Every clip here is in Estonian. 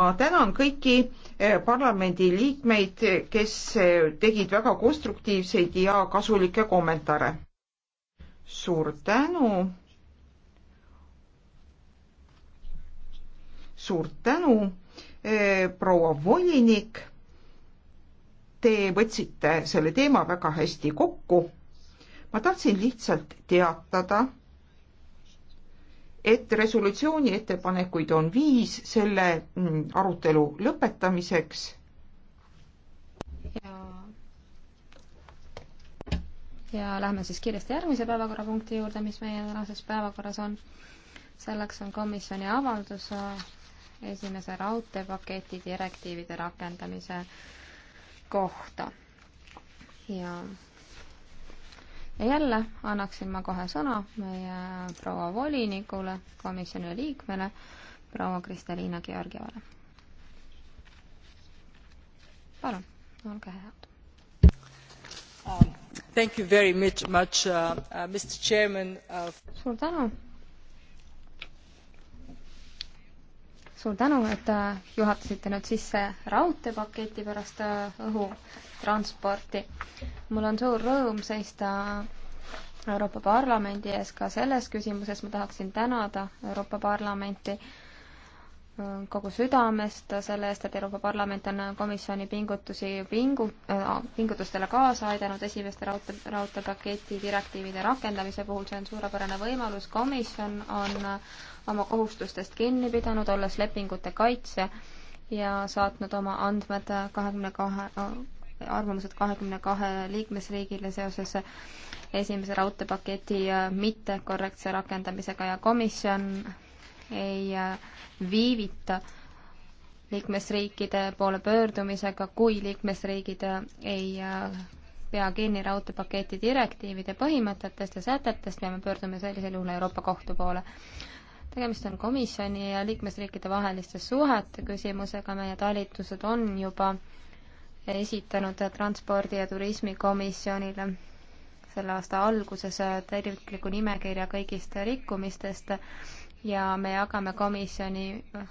ma tänan kõiki eh, parlamendi liikmeid, kes eh, tegid väga konstruktiivseid ja kasulikke kommentaare. suur tänu. suur tänu, eh, proua volinik. Te võtsite selle teema väga hästi kokku. ma tahtsin lihtsalt teatada et resolutsiooni ettepanekuid on viis selle mm, arutelu lõpetamiseks. ja, ja lähme siis kiiresti järgmise päevakorrapunkti juurde, mis meie tänases päevakorras on. selleks on komisjoni avaldus äh, esimese raudteepaketi direktiivide rakendamise kohta ja ja jälle annaksin ma kohe sõna meie proua volinikule, komisjoni liikmele, proua Kristeliina Georgievale. palun, olge head. Um, thank you very much, much uh,, uh, Mr Chairman uh.... suur tänu, suur tänu, et äh, juhatasite nüüd sisse raudteepaketi pärast äh, õhutransporti. mul on suur rõõm seista Euroopa Parlamendi ees ka selles küsimuses, ma tahaksin tänada Euroopa Parlamenti äh, kogu südamest selle eest, et Euroopa Parlament on komisjoni pingutusi pingu- äh,, pingutustele kaasa aidanud esimeste raudtee, raudteepaketi direktiivide rakendamise puhul, see on suurepärane võimalus, komisjon on oma kohustustest kinni pidanud, olles lepingute kaitsja ja saatnud oma andmed kahekümne kahe, arvamused kahekümne kahe liikmesriigile seoses esimese raudteepaketi mittekorrektse rakendamisega ja komisjon ei äh, viivita liikmesriikide poole pöördumisega, kui liikmesriigid äh, ei äh, pea kinni raudteepaketi direktiivide põhimõtetest ja sätetest, peame pöörduma sellisel juhul Euroopa Kohtu poole. tegemist on komisjoni ja liikmesriikide vaheliste suhete küsimusega, meie talitused on juba esitanud Transpordi- ja Turismikomisjonile selle aasta alguses tervikliku nimekirja kõigist rikkumistest ja me jagame komisjoni äh,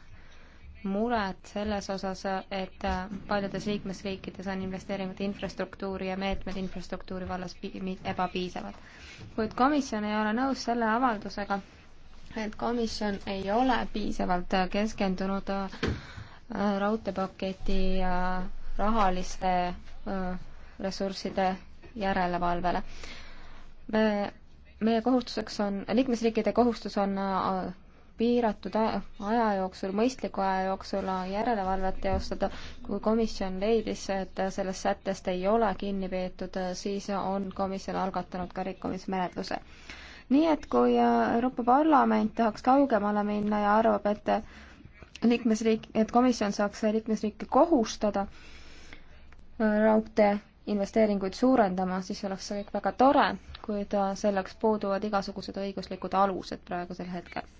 mured selles osas, et äh, paljudes liikmesriikides on investeeringud infrastruktuuri ja meetmed infrastruktuuri vallas ebapiisavad. kuid komisjon ei ole nõus selle avaldusega, et komisjon ei ole piisavalt keskendunud äh, raudteepaketi rahaliste ressursside järelevalvele. me, meie kohustuseks on, liikmesriikide kohustus on piiratud aja jooksul, mõistliku aja jooksul järelevalvet teostada. kui komisjon leidis, et sellest sättest ei ole kinni peetud, siis on komisjon algatanud ka rikkumismenetluse. nii et kui äh, Euroopa Parlament tahaks kaugemale minna ja arvab, et liikmesriik, et komisjon saaks liikmesriike kohustada äh, raudtee investeeringuid suurendama, siis oleks see kõik väga tore, kuid äh, selleks puuduvad igasugused õiguslikud alused praegusel hetkel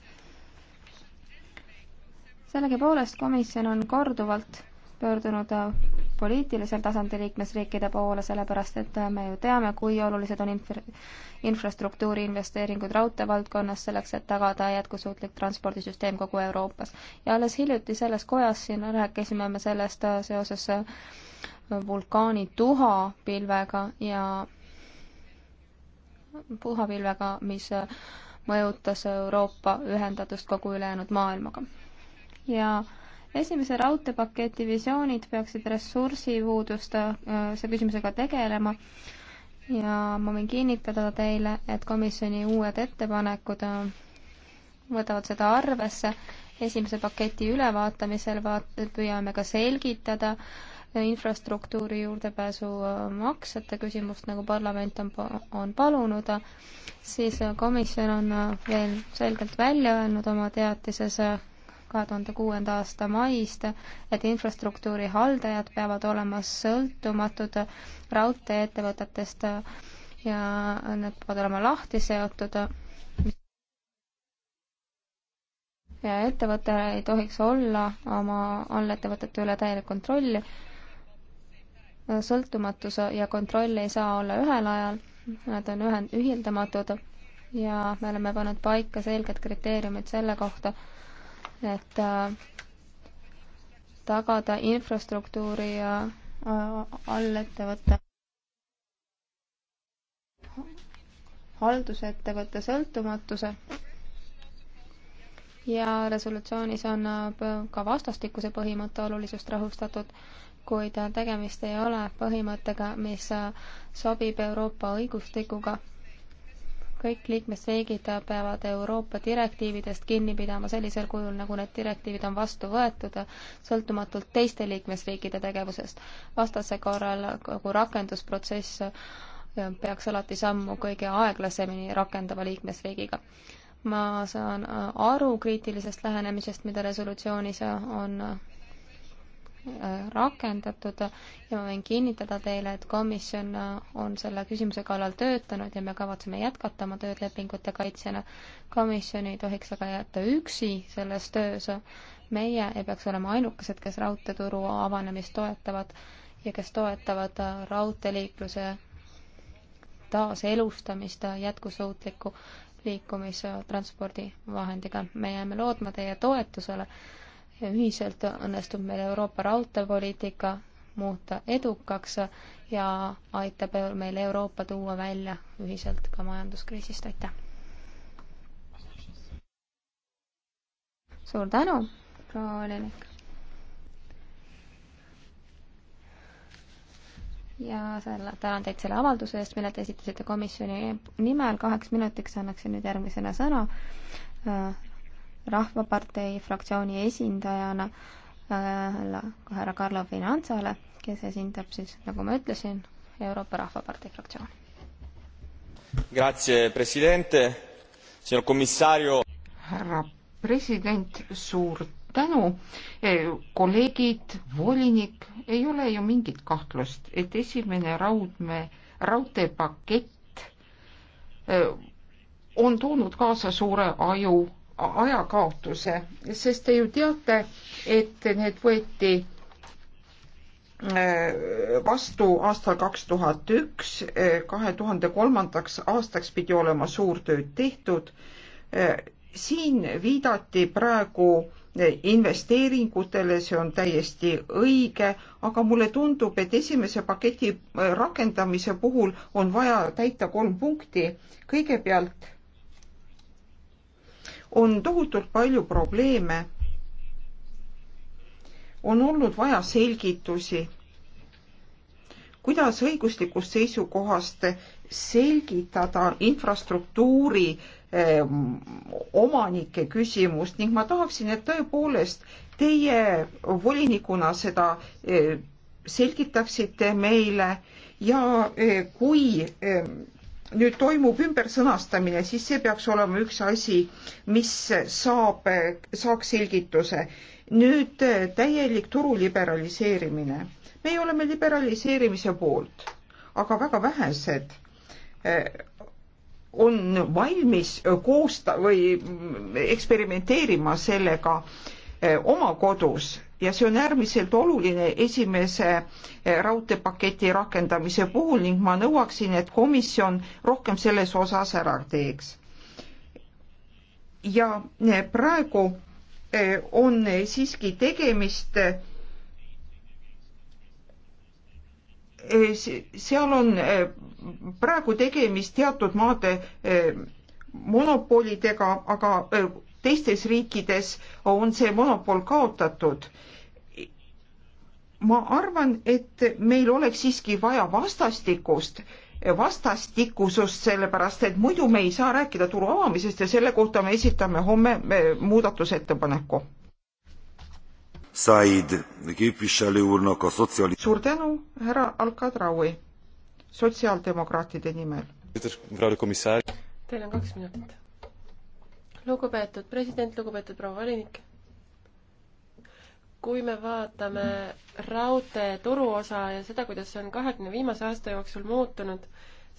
sellegipoolest komisjon on korduvalt pöördunud äh, poliitilisel tasandil liikmesriikide poole, sellepärast et äh, me ju teame, kui olulised on infra infrastruktuuri investeeringud raudtee valdkonnas selleks, et tagada jätkusuutlik transpordisüsteem kogu Euroopas. ja alles hiljuti selles kojas siin rääkisime me sellest äh, seoses vulkaani tuhapilvega ja puhapilvega, mis mõjutas Euroopa ühendatust kogu ülejäänud maailmaga ja esimese raudteepaketi visioonid peaksid ressursipuuduste äh, see küsimusega tegelema ja ma võin kinnitada teile, et komisjoni uued ettepanekud äh, võtavad seda arvesse. esimese paketi ülevaatamisel vaat-, püüame ka selgitada äh, infrastruktuuri juurdepääsu maksete küsimust, nagu parlament on, on palunud, siis komisjon on veel selgelt välja öelnud oma teatises kahe tuhande kuuenda aasta maist, et infrastruktuuri haldajad peavad olema sõltumatud raudtee-ettevõtetest ja need peavad olema lahti seotud. ja ettevõte ei tohiks olla oma allettevõtete üle täielik kontrolli. sõltumatus ja kontroll ei saa olla ühel ajal, nad on ühend-, ühildamatud ja me oleme pannud paika selged kriteeriumid selle kohta, et äh, tagada infrastruktuuri ja äh, allettevõtte haldusettevõtte sõltumatuse ja resolutsioonis on äh, ka vastastikuse põhimõtte olulisust rõhustatud, kuid tegemist ei ole põhimõttega, mis sobib Euroopa õigustikuga kõik liikmesriigid peavad Euroopa direktiividest kinni pidama sellisel kujul, nagu need direktiivid on vastu võetud, sõltumatult teiste liikmesriikide tegevusest. vastase korral kogu rakendusprotsess eh, peaks alati sammu kõige aeglasemini rakendava liikmesriigiga. ma saan eh, aru kriitilisest lähenemisest, mida resolutsioonis eh, on rakendatud ja ma võin kinnitada teile, et komisjon on selle küsimuse kallal töötanud ja me kavatseme jätkata oma tööd lepingute kaitsjana. komisjon ei tohiks aga jätta üksi selles töös. meie ei peaks olema ainukesed, kes raudteeturu avanemist toetavad ja kes toetavad raudteeliikluse taaselustamist jätkusuutliku liikumistranspordivahendiga. me jääme lootma teie toetusele ühiselt õnnestub meil Euroopa raudteepoliitika muuta edukaks ja aitab meil Euroopa tuua välja ühiselt ka majanduskriisist, aitäh! suur tänu, proua Olenik! ja selle, tänan teid selle avalduse eest, mille te esitasite komisjoni nimel, kaheks minutiks annaksin nüüd järgmisena sõna äh, Rahvapartei fraktsiooni esindajana äh, härra Karlo Finantsale, kes esindab siis, nagu ma ütlesin, Euroopa Rahvapartei fraktsiooni. Grazie, president, signor commissario. härra president, suur tänu. E, kolleegid, volinik, ei ole ju mingit kahtlust, et esimene raudme, raudteepakett e, on toonud kaasa suure aju ajakaotuse, sest te ju teate, et need võeti äh, vastu aastal kaks tuhat üks, äh, kahe tuhande kolmandaks aastaks pidi olema suurtööd tehtud. Äh, siin viidati praegu investeeringutele, see on täiesti õige, aga mulle tundub, et esimese paketi rakendamise puhul on vaja täita kolm punkti. kõigepealt on tohutult palju probleeme. on olnud vaja selgitusi, kuidas õiguslikust seisukohast selgitada infrastruktuuri öö, eh, omanike küsimust ning ma tahaksin, et tõepoolest teie volinikuna seda öö, eh, selgitaksite meile ja öö, eh, kui nüüd toimub ümbersõnastamine, siis see peaks olema üks asi, mis saab, saaks selgituse. nüüd eh, täielik turu liberaliseerimine. meie oleme liberaliseerimise poolt, aga väga vähesed eh, on valmis koosta- või mm, eksperimenteerima sellega eh, oma kodus ja see on äärmiselt oluline esimese eh, raudteepaketi rakendamise puhul ning ma nõuaksin, et komisjon rohkem selles osas ära teeks. ja eh, praegu eh, on siiski tegemist seal on praegu tegemist teatud maade monopolidega, aga teistes riikides on see monopol kaotatud ma arvan, et meil oleks siiski vaja vastastikust, vastastikusust, sellepärast et muidu me ei saa rääkida turu avamisest ja selle kohta me esitame homme muudatusettepaneku. Said képviselő úrnak a szociali-. suur tänu, härra Alkadraui, sotsiaaldemokraatide nimel. Teil on kaks minutit. lugupeetud president, lugupeetud proua volinik kui me vaatame raudtee turuosa ja seda, kuidas see on kahekümne viimase aasta jooksul muutunud,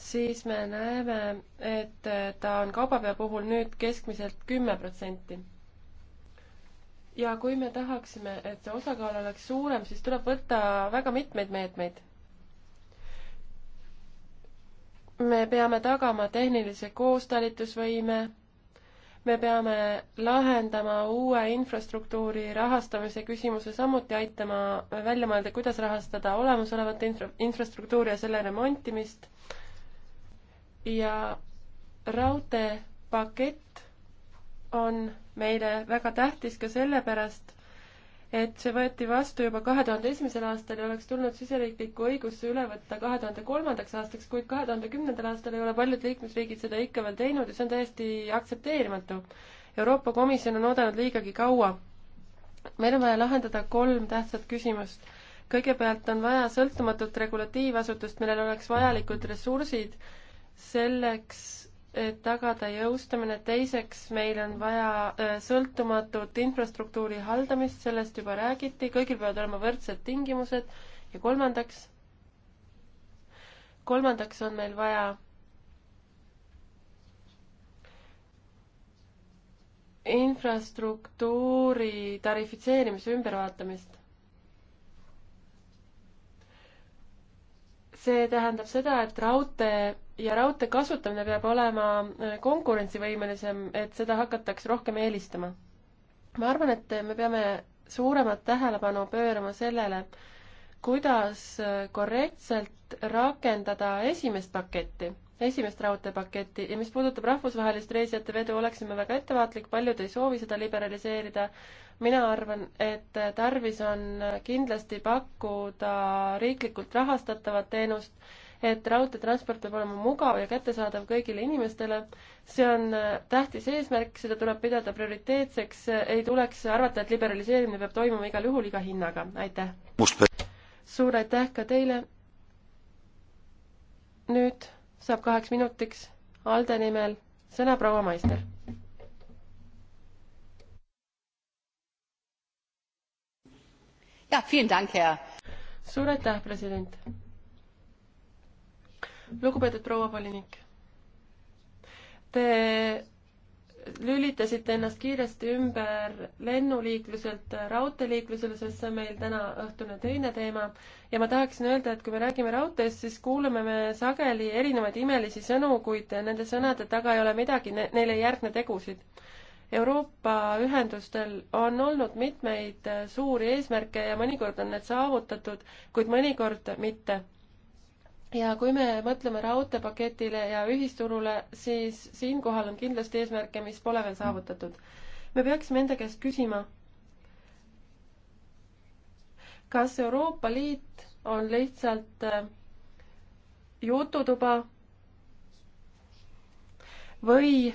siis me näeme, et ta on kaubapea puhul nüüd keskmiselt kümme protsenti. ja kui me tahaksime, et see osakaal oleks suurem, siis tuleb võtta väga mitmeid meetmeid. me peame tagama tehnilise koostalitusvõime me peame lahendama uue infrastruktuuri rahastamise küsimuse, samuti aitama välja mõelda, kuidas rahastada olemasolevat infra-, infrastruktuuri ja selle remontimist. ja raudteepakett on meile väga tähtis ka sellepärast, et see võeti vastu juba kahe tuhande esimesel aastal ja oleks tulnud siseriiklikku õigusse üle võtta kahe tuhande kolmandaks aastaks, kuid kahe tuhande kümnendal aastal ei ole paljud liikmesriigid seda ikka veel teinud ja see on täiesti aktsepteerimatu. Euroopa Komisjon on oodanud liigagi kaua. meil on vaja lahendada kolm tähtsat küsimust. kõigepealt on vaja sõltumatut regulatiivasutust, millel oleks vajalikud ressursid selleks, et tagada jõustamine, teiseks meil on vaja äh, sõltumatut infrastruktuuri haldamist, sellest juba räägiti, kõigil peavad olema võrdsed tingimused ja kolmandaks, kolmandaks on meil vaja infrastruktuuri tarifitseerimise ümbervaatamist. see tähendab seda, et raudtee ja raudtee kasutamine peab olema äh, konkurentsivõimelisem, et seda hakataks rohkem eelistama. ma arvan, et me peame suuremat tähelepanu pöörama sellele, kuidas äh, korrektselt rakendada esimest paketti, esimest raudteepaketti ja mis puudutab rahvusvahelist reisijate vedu, oleksime väga ettevaatlik, paljud ei soovi seda liberaliseerida. mina arvan, et äh, tarvis on kindlasti pakkuda riiklikult rahastatavat teenust et raudteetransport peab olema mugav ja kättesaadav kõigile inimestele. see on äh, tähtis eesmärk, seda tuleb pidada prioriteetseks, ei tuleks arvata, et liberaliseerimine peab toimuma igal juhul iga hinnaga, aitäh! suur aitäh ka teile! nüüd saab kaheks minutiks ALDE nimel sõna proua Maister. suur aitäh, president! lugupeetud proua volinik, te lülitasite ennast kiiresti ümber lennuliikluselt raudteeliiklusele, sest see on meil täna õhtune teine teema. ja ma tahaksin öelda, et kui me räägime raudteest, siis kuuleme me sageli erinevaid imelisi sõnu, kuid nende sõnade taga ei ole midagi ne, neile ei järgne tegusid. Euroopa ühendustel on olnud mitmeid suuri eesmärke ja mõnikord on need saavutatud, kuid mõnikord mitte ja kui me mõtleme raudteepaketile ja ühisturule, siis siinkohal on kindlasti eesmärke, mis pole veel saavutatud. me peaksime enda käest küsima, kas Euroopa Liit on lihtsalt äh, jututuba või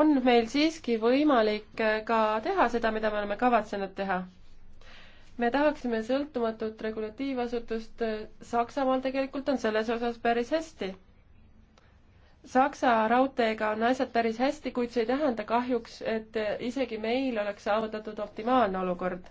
on meil siiski võimalik äh, ka teha seda, mida me oleme kavatsenud teha me tahaksime sõltumatut regulatiivasutust, Saksamaal tegelikult on selles osas päris hästi. Saksa raudteega on asjad päris hästi, kuid see ei tähenda kahjuks, et isegi meil oleks saavutatud optimaalne olukord.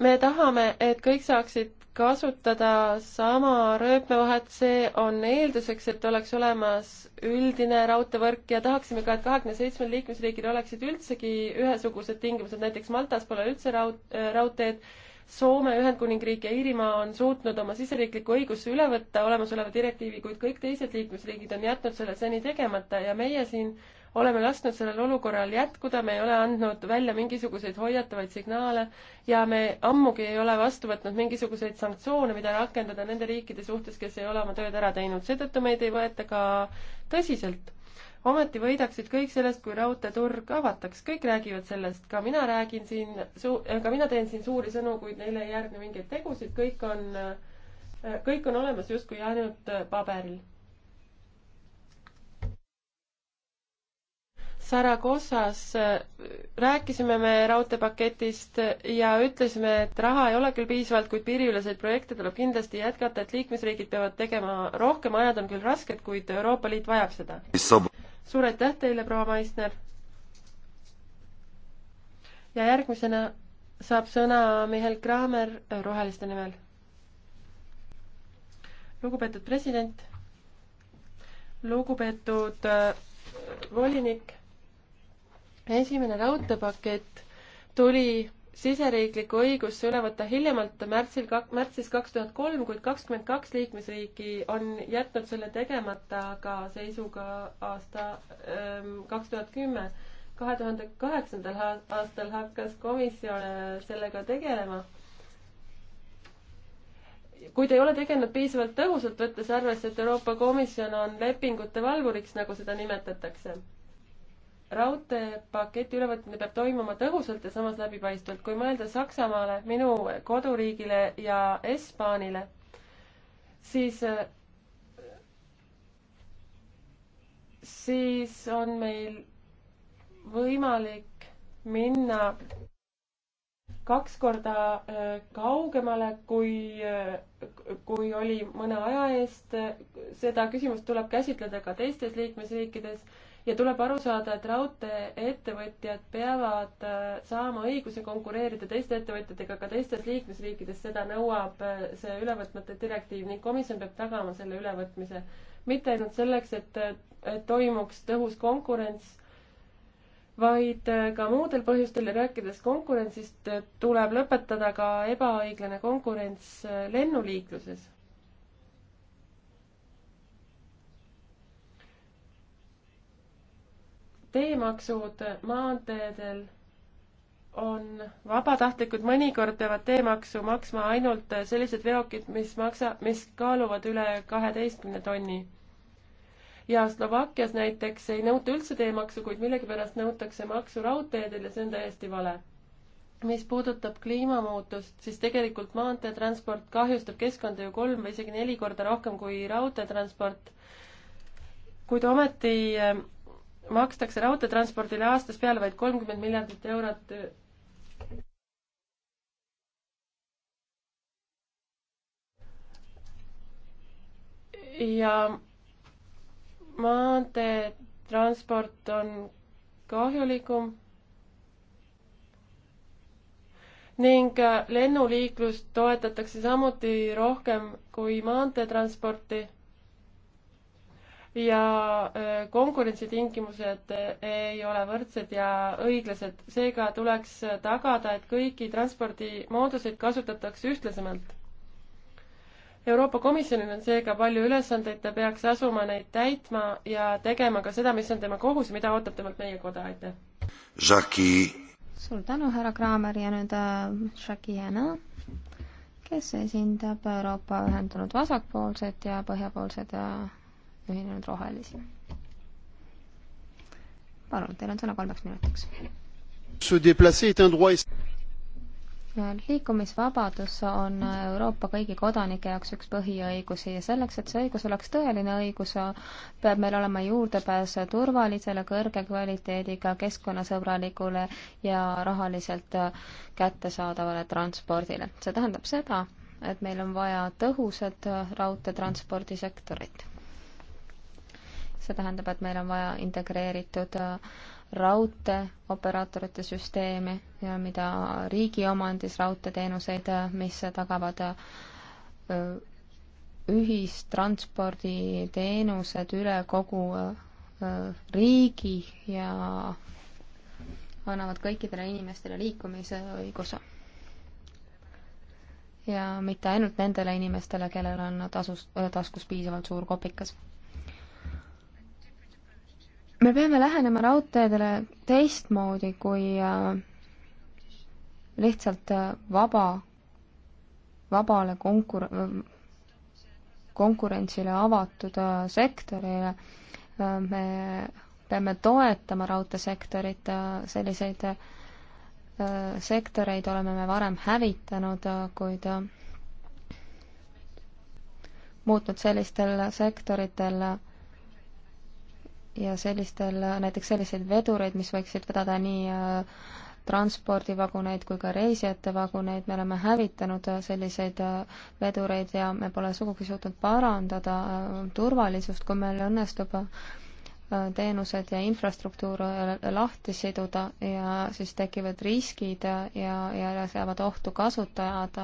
me tahame, et kõik saaksid kasutada sama rööpmevahet, see on eelduseks, et oleks olemas üldine raudteevõrk ja tahaksime ka, et kahekümne seitsmel liikmesriigil oleksid üldsegi ühesugused tingimused, näiteks Maltas pole üldse raud-, äh, raudteed, Soome, Ühendkuningriik ja Iirimaa on suutnud oma siseriiklikku õigusse üle võtta olemasoleva direktiivi, kuid kõik teised liikmesriigid on jätnud selle seni tegemata ja meie siin oleme lasknud sellel olukorral jätkuda, me ei ole andnud välja mingisuguseid hoiatavaid signaale ja me ammugi ei ole vastu võtnud mingisuguseid sanktsioone, mida rakendada nende riikide suhtes, kes ei ole oma tööd ära teinud, seetõttu meid ei võeta ka tõsiselt. ometi võidaksid kõik sellest, kui raudteeturg avataks, kõik räägivad sellest, ka mina räägin siin suu-, äh, ka mina teen siin suuri sõnu, kuid neile ei järgne mingeid tegusid, kõik on, äh, kõik on olemas justkui ainult paberil Saragossas äh, rääkisime me raudteepaketist ja ütlesime, et raha ei ole küll piisavalt, kuid piiriüleseid projekte tuleb kindlasti jätkata, et liikmesriigid peavad tegema rohkem, ajad on küll rasked, kuid Euroopa Liit vajab seda. suur aitäh teile, proua Maisner! ja järgmisena saab sõna Mihhail Kramer Roheliste nimel. lugupeetud president, lugupeetud äh, volinik esimene raudteepakett tuli siseriiklikku õigusse üle võtta hiljemalt märtsil, märtsis kaks tuhat kolm, kuid kakskümmend kaks liikmesriiki on jätnud selle tegemata ka seisuga aasta ähm, kaks tuhat kümme. kahe tuhande kaheksandal aastal hakkas komisjon äh, sellega tegelema kuid ei ole tegelenud piisavalt tõhusalt, võttes arvesse, et Euroopa Komisjon on lepingute valvuriks, nagu seda nimetatakse raudteepaketi ülevõtmine peab toimuma tõhusalt ja samas läbipaistvalt. kui mõelda Saksamaale, minu koduriigile ja Hispaanile, siis, siis on meil võimalik minna kaks korda äh, kaugemale, kui, äh, kui oli mõne aja eest. seda küsimust tuleb käsitleda ka teistes liikmesriikides ja tuleb aru saada, et raudteeettevõtjad peavad äh, saama õiguse konkureerida teiste ettevõtjatega ka teistes liikmesriikides, seda nõuab äh, see ülevõtmata direktiiv ning komisjon peab tagama selle ülevõtmise. mitte ainult selleks, et, äh, et toimuks tõhus konkurents, vaid ka muudel põhjustel ja rääkides konkurentsist, tuleb lõpetada ka ebaõiglane konkurents lennuliikluses teemaksud maanteedel on vabatahtlikud, mõnikord peavad teemaksu maksma ainult sellised veokid, mis maksa, mis kaaluvad üle kaheteistkümne tonni. ja Slovakkias näiteks ei nõuta üldse teemaksu, kuid millegipärast nõutakse maksu raudteedel ja see on täiesti vale. mis puudutab kliimamuutust, siis tegelikult maanteetransport kahjustab keskkonda ju kolm või isegi neli korda rohkem kui raudteetransport kuid ometi makstakse raudteetranspordile aastas peale vaid kolmkümmend miljardit eurot ja maanteetransport on kahjulikum ning lennuliiklust toetatakse samuti rohkem kui maanteetransporti ja äh, konkurentsitingimused äh, ei ole võrdsed ja õiglased. seega tuleks tagada, et kõiki transpordimooduseid kasutatakse ühtlasemalt. Euroopa Komisjonil on seega palju ülesandeid, ta peaks asuma neid täitma ja tegema ka seda, mis on tema kohus, mida ootab temalt meie koda, aitäh! Jackie. suur tänu, härra Kraamer ja nüüd äh, Jackie Jana kes esindab Euroopa Ühendunud Vasakpoolset ja Põhjapoolsed ja ühinenud rohelisi. palun, teil on sõna kolmeks minutiks. liikumisvabadus on Euroopa kõigi kodanike jaoks üks põhiõigusi ja selleks, et see õigus oleks tõeline õigus, peab meil olema juurdepääs turvalisele, kõrge kvaliteediga, keskkonnasõbralikule ja rahaliselt kättesaadavale transpordile. see tähendab seda, et meil on vaja tõhusat raudteetranspordisektorit see tähendab, et meil on vaja integreeritud äh, raudteeoperaatorite süsteemi ja mida riigi omandis raudteeteenuseid, äh, mis tagavad äh, ühistransporditeenused üle kogu riigi ja annavad kõikidele inimestele liikumisõiguse. ja mitte ainult nendele inimestele, kellel on tasus, taskus piisavalt suur kopikas me peame lähenema raudteedele teistmoodi kui äh, lihtsalt äh, vaba, vabale konkur-, konkurentsile avatud äh, sektorile. me peame toetama raudteesektorit, selliseid sektoreid oleme me varem hävitanud, kuid muutnud sellistel sektoritel ja sellistel, näiteks selliseid vedureid, mis võiksid vedada nii äh, transpordivaguneid kui ka reisijate vaguneid, me oleme hävitanud äh, selliseid äh, vedureid ja me pole sugugi suutnud parandada turvalisust, kui meil õnnestub teenused ja infrastruktuur lahti siduda ja siis tekivad riskid ja, ja, ja seavad ohtu kasutajad,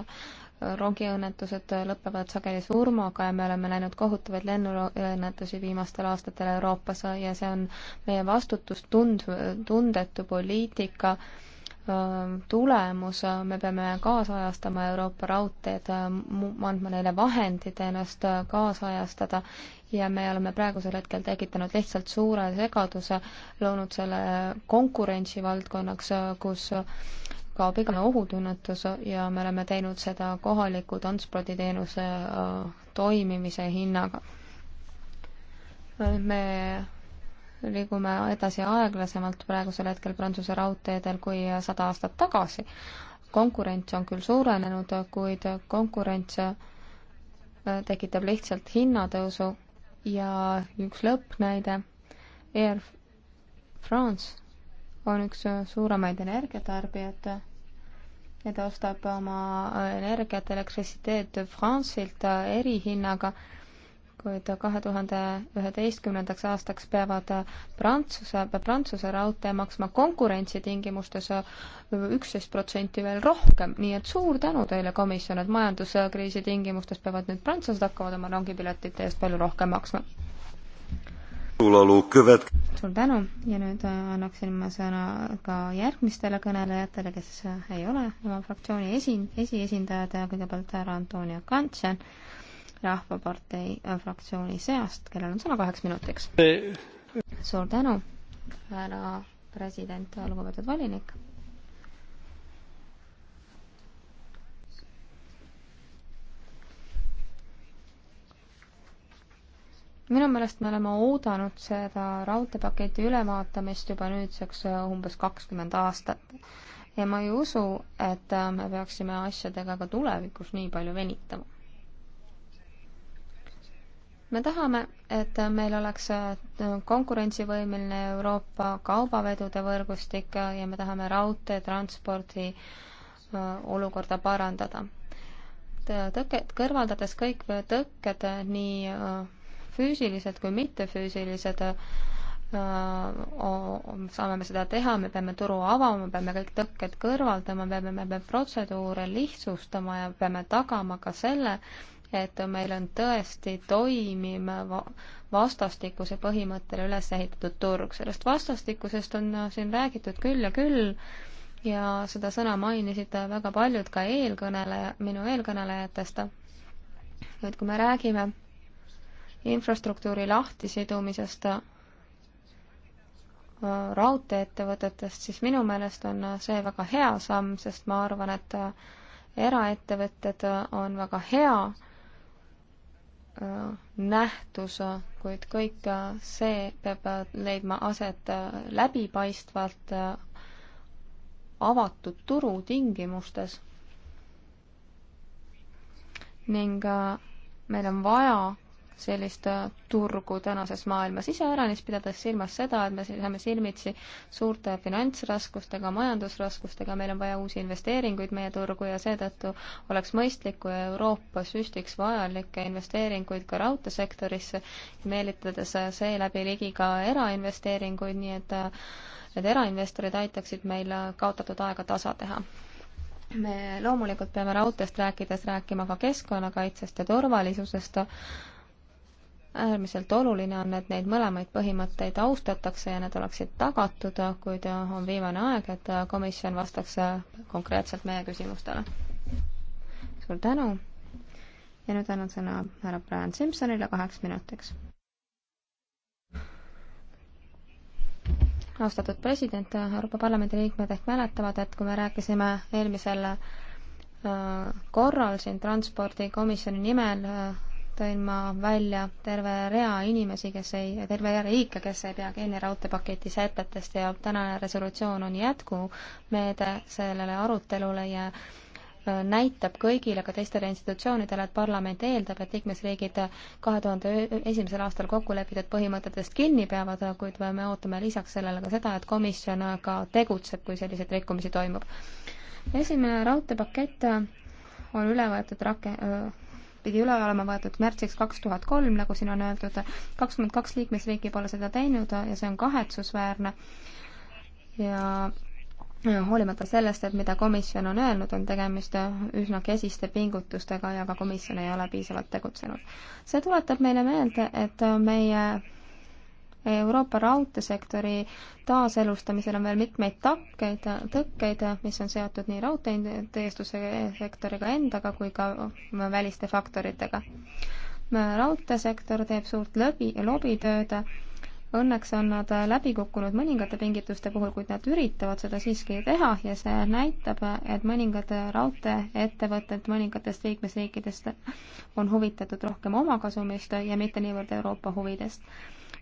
rongiõnnetused lõpevad sageli surmaga ja me oleme näinud kohutavaid lennuõnnetusi viimastel aastatel Euroopas ja see on meie vastutustund, tundetu poliitika tulemus, me peame kaasajastama Euroopa raudteed, andma neile vahendid ennast kaasajastada ja me oleme praegusel hetkel tekitanud lihtsalt suure segaduse, loonud selle konkurentsivaldkonnaks, kus kaob igavene ohutunnetus ja me oleme teinud seda kohaliku transporditeenuse äh, toimimise hinnaga. me liigume edasi aeglasemalt praegusel hetkel Prantsuse raudteedel kui sada aastat tagasi. konkurents on küll suurenenud, kuid konkurents äh, tekitab lihtsalt hinnatõusu ja üks lõppnäide, Air France on üks äh, suuremaid energiatarbijate ja ta ostab oma äh, energiat Electricité de France'ilt äh, erihinnaga, kuid kahe tuhande üheteistkümnendaks aastaks peavad Prantsuse, peab Prantsuse raudtee maksma konkurentsitingimustes üksteist protsenti veel rohkem, nii et suur tänu teile, komisjon, et majanduskriisi tingimustes peavad nüüd prantslased hakkavad oma rongipilotite eest palju rohkem maksma suur tänu ja nüüd äh, annaksin ma sõna ka järgmistele kõnelejatele, kes äh, ei ole oma fraktsiooni esin-, esiesindajad ja kõigepealt härra Antonio Kantsen Rahvapartei äh, fraktsiooni seast, kellel on sõna kaheks minutiks. suur tänu, härra president, lugupeetud volinik minu meelest me oleme oodanud seda raudteepaketi ülevaatamist juba nüüdseks äh, umbes kakskümmend aastat ja ma ei usu, et äh, me peaksime asjadega ka tulevikus nii palju venitama. me tahame, et äh, meil oleks konkurentsivõimeline Euroopa kaubavedude võrgustik ja me tahame raudteetranspordi olukorda parandada. tõked, kõrvaldades kõik tõkked nii füüsilised kui mittefüüsilised äh, saame me seda teha, me peame turu avama, peame kõik tõkked kõrvaldama, peame, me peame protseduure lihtsustama ja peame tagama ka selle, et meil on tõesti toimiv vastastikuse põhimõttele üles ehitatud turg. sellest vastastikusest on äh, siin räägitud küll ja küll ja seda sõna mainisid väga paljud ka eelkõneleja, minu eelkõnelejatest. et kui me räägime infrastruktuuri lahtisidumisest äh, raudteeettevõtetest, siis minu meelest on äh, see väga hea samm, sest ma arvan, et äh, eraettevõtted on väga hea nähtus, kuid kõik see peab leidma aset läbipaistvalt avatud turu tingimustes. ning meil on vaja sellist äh, turgu tänases maailmas, iseäranis pidades silmas seda, et me seisame silmitsi suurte finantsraskustega, majandusraskustega, meil on vaja uusi investeeringuid meie turgu ja seetõttu oleks mõistlik, kui Euroopa süstiks vajalikke investeeringuid ka raudteesektorisse, meelitades seeläbi ligi ka erainvesteeringuid, nii et äh, et erainvestorid aitaksid meil äh, kaotatud aega tasa teha me loomulikult peame raudteest rääkides rääkima ka keskkonnakaitsest ja turvalisusest äärmiselt oluline on, et neid mõlemaid põhimõtteid austatakse ja need oleksid tagatud, kuid on viimane aeg, et komisjon vastaks konkreetselt meie küsimustele. suur tänu ja nüüd annan sõna härra Brian Simsonile kaheks minutiks. austatud president, Euroopa Parlamendi liikmed ehk mäletavad, et kui me rääkisime eelmisel äh, korral siin transpordikomisjoni nimel äh, tõin ma välja terve rea inimesi, kes ei, terve rea riike, kes ei pea Keenia raudteepaketi sätetest ja tänane resolutsioon on jätkumeede sellele arutelule ja äh, näitab kõigile, ka teistele institutsioonidele, et parlament eeldab, et liikmesriigid kahe tuhande esimesel aastal kokku lepitud põhimõtetest kinni peavad, kuid me ootame lisaks sellele ka seda, et komisjon ka tegutseb, kui selliseid rikkumisi toimub. esimene raudteepakett on üle võetud rake-, pidi üle olema võetud märtsiks kaks tuhat kolm, nagu siin on öeldud, kakskümmend kaks liikmesriiki pole seda teinud ja see on kahetsusväärne. ja hoolimata sellest, et mida komisjon on öelnud, on tegemist üsna kesiste pingutustega ja ka komisjon ei ole piisavalt tegutsenud. see tuletab meile meelde, et meie Euroopa raudteesektori taaselustamisel on veel mitmeid takkeid, tõkkeid, mis on seotud nii raudteetööstuse sektoriga endaga kui ka väliste faktoritega. raudteesektor teeb suurt läbi, lobitööd, õnneks on nad läbi kukkunud mõningate pingituste puhul, kuid nad üritavad seda siiski teha ja see näitab, et mõningad raudteeettevõtted mõningatest liikmesriikidest on huvitatud rohkem oma kasumist ja mitte niivõrd Euroopa huvidest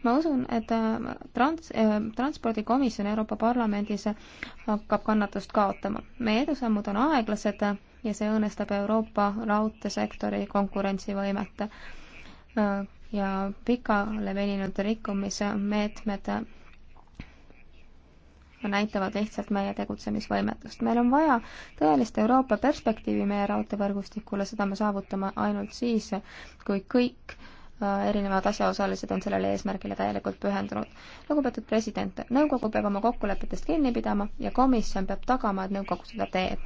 ma usun, et äh, trans-, äh, transpordikomisjon Euroopa Parlamendis äh, hakkab kannatust kaotama. meie edusammud on aeglased ja see õõnestab Euroopa raudteesektori konkurentsivõimet. ja pikale veninud rikkumismeetmed näitavad lihtsalt meie tegutsemisvõimetust. meil on vaja tõelist Euroopa perspektiivi meie raudteevõrgustikule, seda me saavutame ainult siis, kui kõik Äh, erinevad asjaosalised on sellele eesmärgile täielikult pühendunud. lugupeetud president, nõukogu peab oma kokkulepetest kinni pidama ja komisjon peab tagama, et nõukogu seda teeb.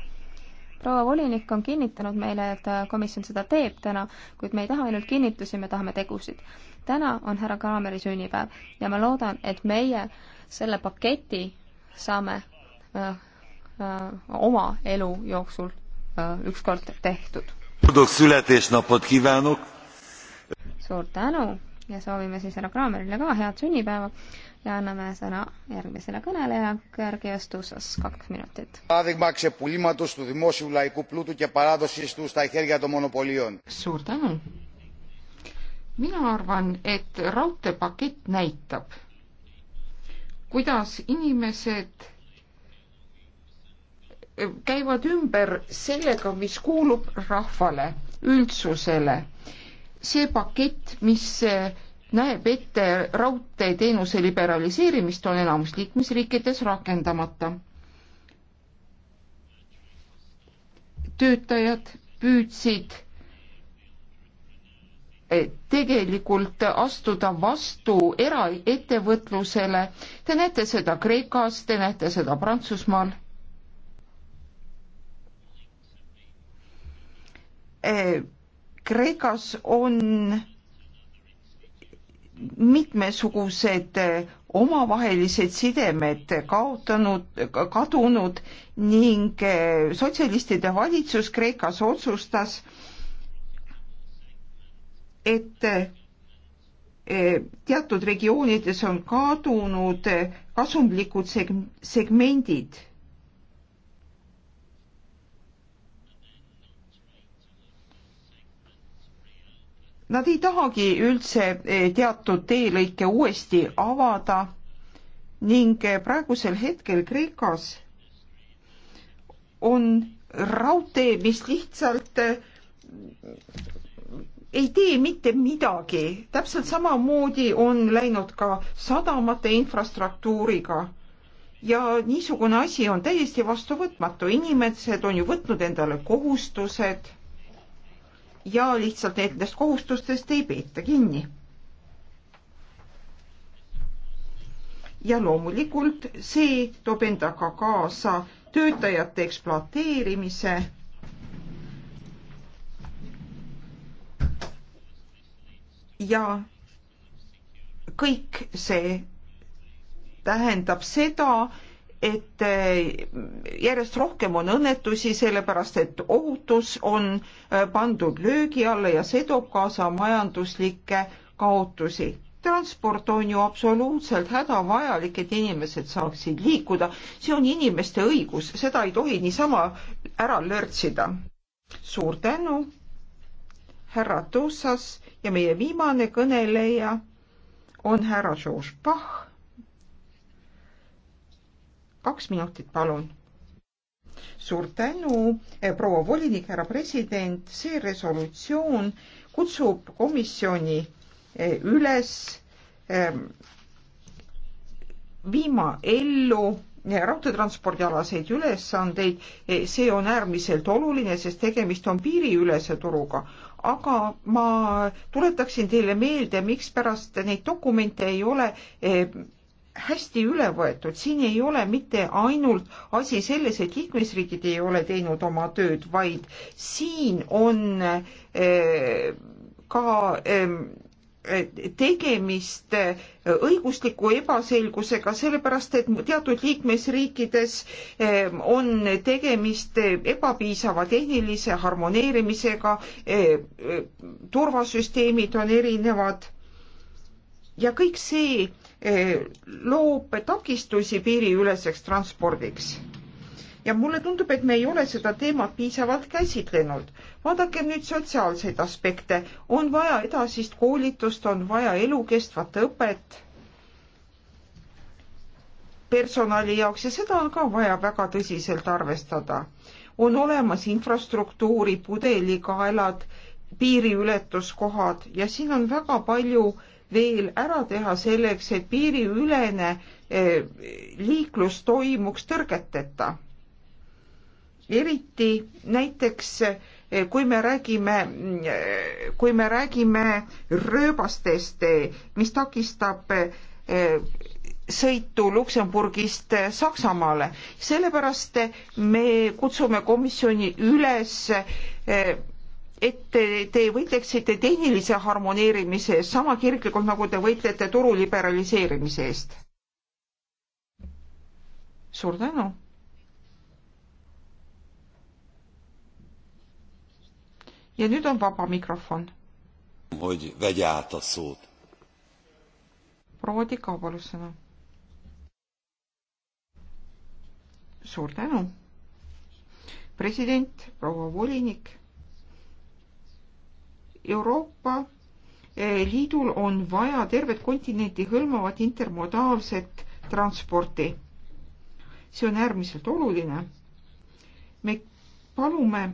proua volinik on kinnitanud meile, et äh, komisjon seda teeb täna, kuid me ei taha ainult kinnitusi, me tahame tegusid. täna on härra Kaameri sünnipäev ja ma loodan, et meie selle paketi saame öö, äh, öö, oma elu jooksul ükskord tehtud. tudok születésnapot kívánok! suur tänu ja soovime siis härra Kraamerile ka head sünnipäeva ja anname sõna järgmisele kõneleja, Georgios Tuusas, kaks minutit. suur tänu. mina arvan, et raudteepakett näitab, kuidas inimesed käivad ümber sellega, mis kuulub rahvale, üldsusele see pakett, mis eh, näeb ette raudteeteenuse liberaliseerimist, on enamus liikmesriikides rakendamata. töötajad püüdsid eh, tegelikult astuda vastu eraettevõtlusele. Te näete seda Kreekas, te näete seda Prantsusmaal. Eh, Kreekas on mitmesugused omavahelised sidemed kaotanud, kadunud ning sotsialistide valitsus Kreekas otsustas, et e, teatud regioonides on kadunud kasumlikud segmendid Nad ei tahagi üldse eh, teatud teelõike uuesti avada ning eh, praegusel hetkel Kreekas on raudtee, mis lihtsalt eh, ei tee mitte midagi. täpselt samamoodi on läinud ka sadamate infrastruktuuriga. ja niisugune asi on täiesti vastuvõtmatu, inimesed on ju võtnud endale kohustused ja lihtsalt nendest kohustustest ei peeta kinni. ja loomulikult see toob endaga kaasa töötajate ekspluateerimise ja kõik see tähendab seda, et eh, järjest rohkem on õnnetusi, sellepärast et ohutus on eh, pandud löögi alla ja see toob kaasa majanduslikke kaotusi. transport on ju absoluutselt hädavajalik, et inimesed saaksid liikuda, see on inimeste õigus, seda ei tohi niisama ära lörtsida. suur tänu, härra Tuusas ja meie viimane kõneleja on härra George Bach kaks minutit, palun. suur tänu, eh, proua volinik, härra president, see resolutsioon kutsub komisjoni eh, üles eh, viima ellu raudteetranspordialaseid ülesandeid, see on äärmiselt oluline, sest tegemist on piiriülese turuga. aga ma tuletaksin teile meelde, mikspärast neid dokumente ei ole hästi üle võetud, siin ei ole mitte ainult asi selles, et liikmesriigid ei ole teinud oma tööd, vaid siin on äh, ka ähm, tegemist äh, õigusliku ebaselgusega, sellepärast et teatud liikmesriikides ähm, on tegemist äh, ebapiisava tehnilise harmoneerimisega, turvasüsteemid on erinevad ja kõik see Eh, loob takistusi piiriüleseks transpordiks. ja mulle tundub, et me ei ole seda teemat piisavalt käsitlenud. vaadake nüüd sotsiaalseid aspekte, on vaja edasist koolitust, on vaja elukestvat õpet personali jaoks ja seda on ka vaja väga tõsiselt arvestada. on olemas infrastruktuuri pudelikaelad, piiriületuskohad ja siin on väga palju äh, veel ära teha selleks, et piiriülene eh, liiklus toimuks tõrgeteta. eriti näiteks eh, kui me räägime, eh, kui me räägime rööbastest, mis takistab sõitu Luksemburgist Saksamaale, sellepärast me kutsume komisjoni üles et te võitleksite tehnilise harmoneerimise eest sama kirglikult, nagu te võitlete turu liberaliseerimise eest? suur tänu. ja nüüd on vaba mikrofon. proua Tika, palun sõna. suur tänu. president, proua volinik Euroopa eh, Liidul on vaja tervet kontinenti hõlmavat intermodaalset transporti. see on äärmiselt oluline. me palume,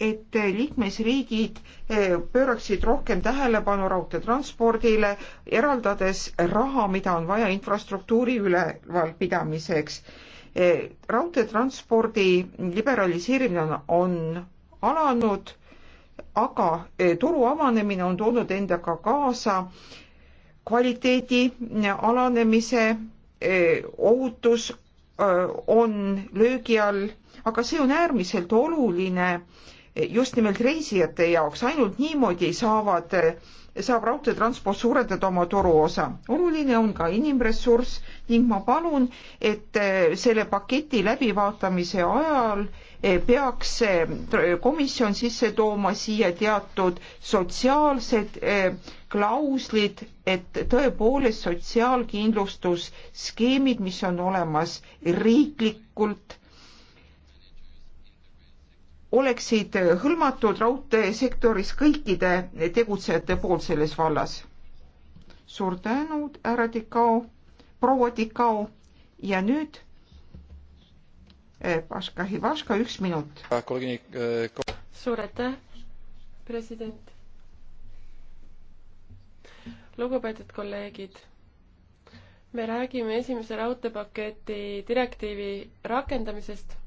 et liikmesriigid eh, pööraksid rohkem tähelepanu raudteetranspordile, eraldades raha, mida on vaja infrastruktuuri ülevalpidamiseks. Eh, raudteetranspordi liberaliseerimine on alanud aga eh, turu avanemine on toonud endaga kaasa kvaliteedi eh, alanemise, eh, ohutus on löögi all, aga see on äärmiselt oluline just nimelt reisijate jaoks, ainult niimoodi saavad saab raudteetransport suurendada oma turuosa. oluline on ka inimressurss ning ma palun, et eh, selle paketi läbivaatamise ajal eh, peaks eh, komisjon sisse tooma siia teatud sotsiaalsed klauslid, et tõepoolest sotsiaalkindlustusskeemid, mis on olemas riiklikult oleksid hõlmatud raudteesektoris kõikide tegutsejate poolt selles vallas. suur tänu, härra Tikao, proua Tikao ja nüüd eh, Paška Hivaška, üks minut. suur aitäh, president. lugupeetud kolleegid, me räägime esimese raudteepaketi direktiivi rakendamisest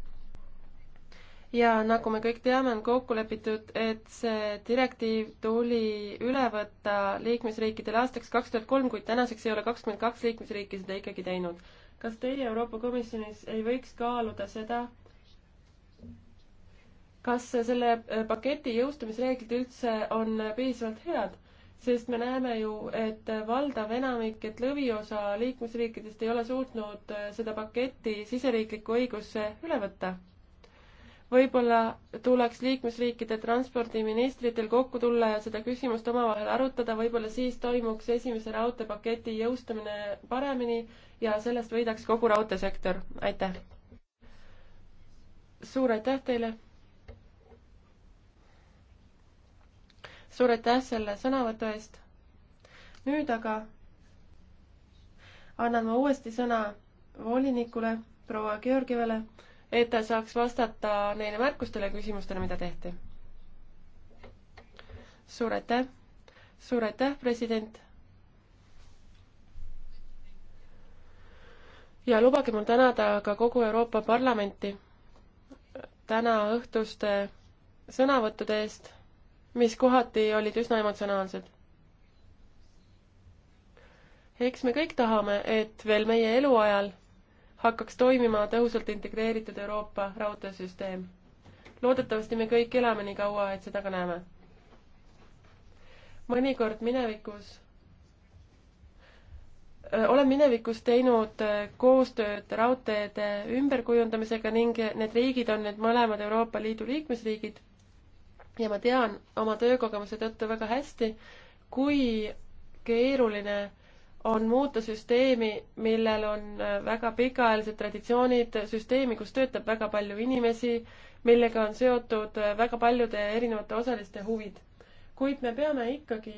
ja nagu me kõik teame, on kokku lepitud, et see direktiiv tuli üle võtta liikmesriikidel aastaks kaks tuhat kolm, kuid tänaseks ei ole kakskümmend kaks liikmesriiki seda ikkagi teinud. kas teie Euroopa Komisjonis ei võiks kaaluda seda, kas selle äh, paketi jõustumisreeglid üldse on piisavalt head? sest me näeme ju, et valdav enamik, et lõviosa liikmesriikidest ei ole suutnud äh, seda paketti siseriiklikku õigusse üle võtta võib-olla tuleks liikmesriikide transpordiministritel kokku tulla ja seda küsimust omavahel arutada, võib-olla siis toimuks esimese raudteepaketi jõustumine paremini ja sellest võidaks kogu raudteesektor, aitäh! suur aitäh teile! suur aitäh selle sõnavõtu eest! nüüd aga annan ma uuesti sõna volinikule, proua Georgievale et ta saaks vastata neile märkustele ja küsimustele, mida tehti. suur aitäh, suur aitäh, president. ja lubage mul tänada ka kogu Euroopa Parlamenti tänaõhtuste sõnavõttude eest, mis kohati olid üsna emotsionaalsed eks me kõik tahame, et veel meie eluajal hakkaks toimima tõhusalt integreeritud Euroopa raudteesüsteem. loodetavasti me kõik elame nii kaua, et seda ka näeme. mõnikord minevikus äh, olen minevikus teinud äh, koostööd raudteede ümberkujundamisega ning need riigid on nüüd mõlemad Euroopa Liidu liikmesriigid. ja ma tean oma töökogemuse tõttu väga hästi, kui keeruline on muuta süsteemi, millel on äh, väga pikaajalised traditsioonid, süsteemi, kus töötab väga palju inimesi, millega on seotud äh, väga paljude erinevate osaliste huvid. kuid me peame ikkagi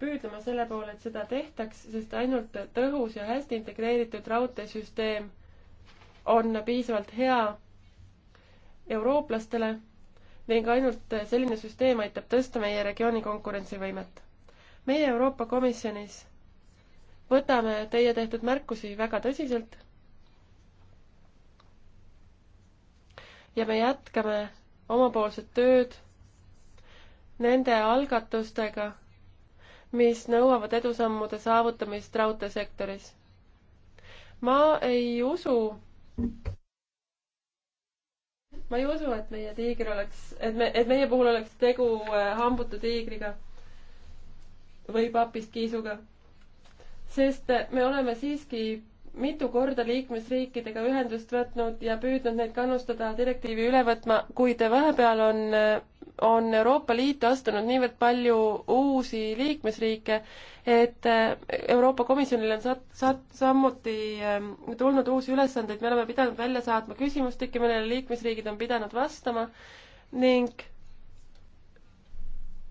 püüdlema selle poole, et seda tehtaks, sest ainult tõhus ja hästi integreeritud raudteesüsteem on piisavalt hea eurooplastele ning ainult selline süsteem aitab tõsta meie regiooni konkurentsivõimet. meie Euroopa Komisjonis võtame teie tehtud märkusi väga tõsiselt. ja me jätkame omapoolset tööd nende algatustega, mis nõuavad edusammude saavutamist raudteesektoris. ma ei usu, ma ei usu, et meie tiiger oleks, et me, et meie puhul oleks tegu eh, hambutu tiigriga või papist kiisuga sest me oleme siiski mitu korda liikmesriikidega ühendust võtnud ja püüdnud neid kannustada direktiivi üle võtma, kuid vahepeal on, on Euroopa Liitu astunud niivõrd palju uusi liikmesriike, et Euroopa Komisjonile on sat-, sat-, samuti ähm, tulnud uusi ülesandeid, me oleme pidanud välja saatma küsimustikke, millele liikmesriigid on pidanud vastama ning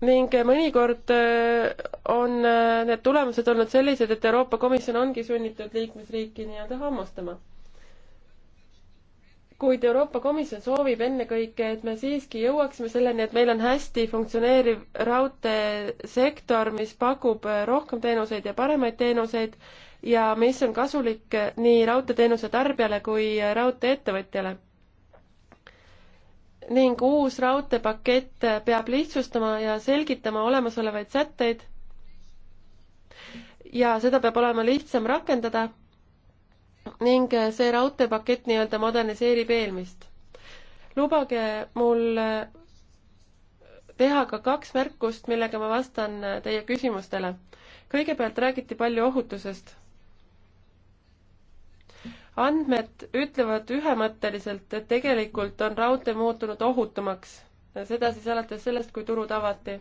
ning mõnikord äh, on äh, need tulemused olnud sellised, et Euroopa Komisjon ongi sunnitud liikmesriiki nii-öelda hammustama. kuid Euroopa Komisjon soovib ennekõike, et me siiski jõuaksime selleni, et meil on hästi funktsioneeriv raudteesektor, mis pakub äh, rohkem teenuseid ja paremaid teenuseid ja mis on kasulik nii raudteeteenuse tarbijale kui raudteeettevõtjale ning uus raudteepakett peab lihtsustama ja selgitama olemasolevaid sätteid ja seda peab olema lihtsam rakendada ning see raudteepakett nii-öelda moderniseerib eelmist. lubage mul teha ka kaks märkust, millega ma vastan teie küsimustele. kõigepealt räägiti palju ohutusest andmed ütlevad ühemõtteliselt, et tegelikult on raudtee muutunud ohutumaks. seda siis alates sellest, kui turud avati.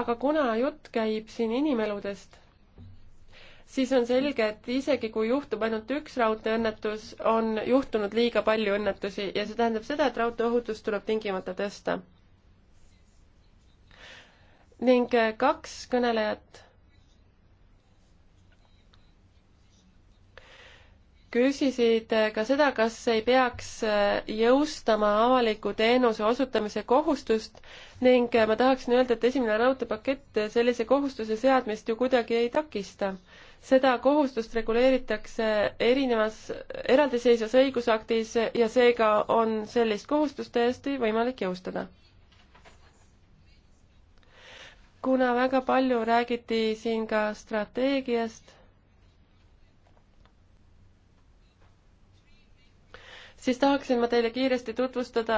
aga kuna jutt käib siin inimeludest, siis on selge, et isegi kui juhtub ainult üks raudteeõnnetus, on juhtunud liiga palju õnnetusi ja see tähendab seda, et raudteeohutust tuleb tingimata tõsta. ning kaks kõnelejat küsisid äh, ka seda, kas ei peaks äh, jõustama avaliku teenuse osutamise kohustust ning äh, ma tahaksin öelda, et esimene raudteepakett sellise kohustuse seadmist ju kuidagi ei takista. seda kohustust reguleeritakse erinevas eraldiseisvas õigusaktis ja seega on sellist kohustust täiesti võimalik jõustada kuna väga palju räägiti siin ka strateegiast siis tahaksin ma teile kiiresti tutvustada,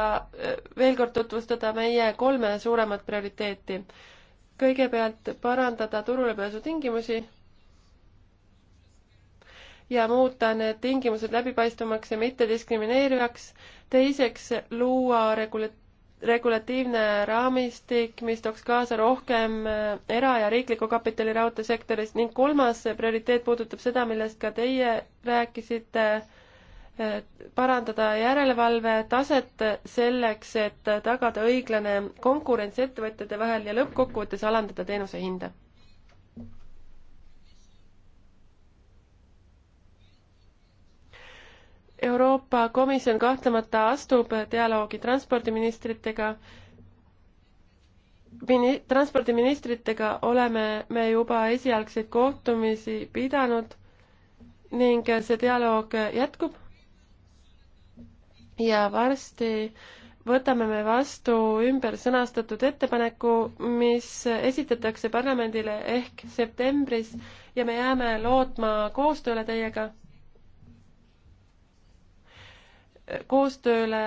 veel kord tutvustada meie kolme suuremat prioriteeti. kõigepealt parandada turulepääsu tingimusi ja muuta need tingimused läbipaistvamaks ja mittediskrimineerivaks. teiseks, luua regula-, regulatiivne raamistik, mis tooks kaasa rohkem äh, era- ja riikliku kapitali raudteesektoris ning kolmas prioriteet puudutab seda, millest ka teie rääkisite parandada järelevalve taset selleks, et tagada õiglane konkurents ettevõtjate vahel ja lõppkokkuvõttes alandada teenuse hinda. Euroopa Komisjon kahtlemata astub dialoogi transpordiministritega. Mini-, transpordiministritega oleme me juba esialgseid kohtumisi pidanud ning see dialoog jätkub ja varsti võtame me vastu ümber sõnastatud ettepaneku, mis esitatakse parlamendile ehk septembris ja me jääme lootma koostööle teiega. koostööle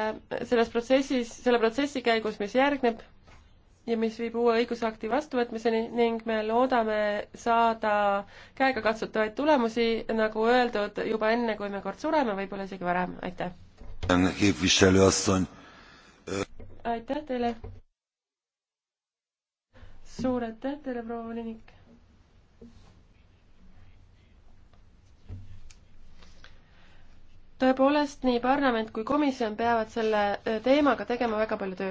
selles protsessis, selle protsessi käigus, mis järgneb ja mis viib uue õigusakti vastuvõtmiseni ning me loodame saada käegakatsutavaid tulemusi, nagu öeldud, juba enne, kui me kord sureme, võib-olla isegi varem, aitäh! aitäh teile. suur aitäh teile, proua volinik. tõepoolest, nii parlament kui komisjon peavad selle teemaga tegema väga palju tööd.